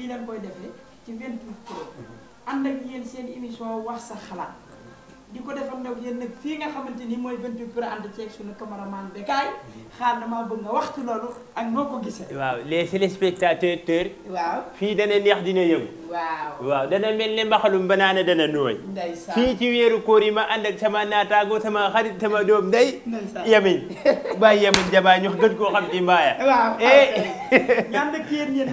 fii leen koy defee ci 28 Pro ànd ak yéen seen émission wax sa xalaat di ko defal nag yéen fii nga xamante ni mooy 28 Pro ànd ceeg suñu cameraman Bécaye xaar damaa bëgg nga waxtu loolu ak noo ko gisee. waaw les téléspectateurs. waaw fii dana neex dina yëngu. waaw waaw dana mel ne mbaxalum banaana dana nooy. fii ci weeru koor yi ma ànd ak sama naataango sama xarit sama doom ndey. ndeysaan Yamin bàyyi Yamin Jabaa ñu gën koo xam ci mbaaya. waaw eh.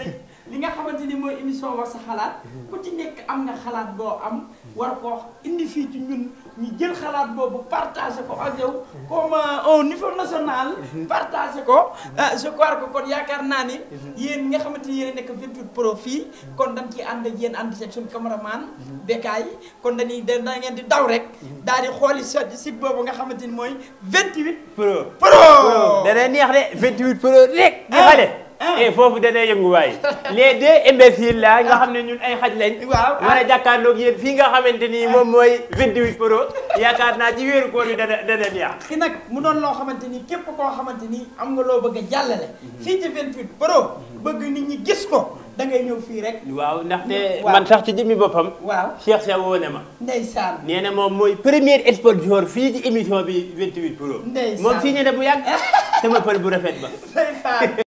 li nga xamante ni mooy émission war sa xalaat ku ci nekk am nga xalaat boo am war koo indi fii ci ñun ñu jël xalaat boobu partagé ko ak yow a euh, au niveau national partagé ko euh, je crois que kon yaakaar naa ni yéen nga xamante ni nekk 28 pro fii kon dañ ciy ànd ak yéen ànd ci suñu cameraman Bécaye kon dañuy da ngeen di daw rek daal di xooli sa site boobu nga xamante ni mooy 28 pro pro danay neex de 28 pro rek ah. di xale e foofu dana yëngu waay les deux imbéciles la nga xam ne ñun ay xaj lañ waaw war a jàkkaarloog yéen fii nga xamante ni eh. moom mooy 28 pro yaakaar naa ci wéeru koor yi dana dana neex ki nag mu doon loo xamante ni képp koo xamante ni am nga loo bëgg jàll jàllale mhm. fii ci 28 pro mhm. bëgg nit ñi gis ko da ngay ñëw fii rek waaw ndaxte man sax ci jëmmi boppam waaw Cheikh Sa woo ne ma ndeysaan nee na moom mooy premier sponsor fii ci émission bi 28 pro moom si ne bu yàgg sama pël bu rafet ba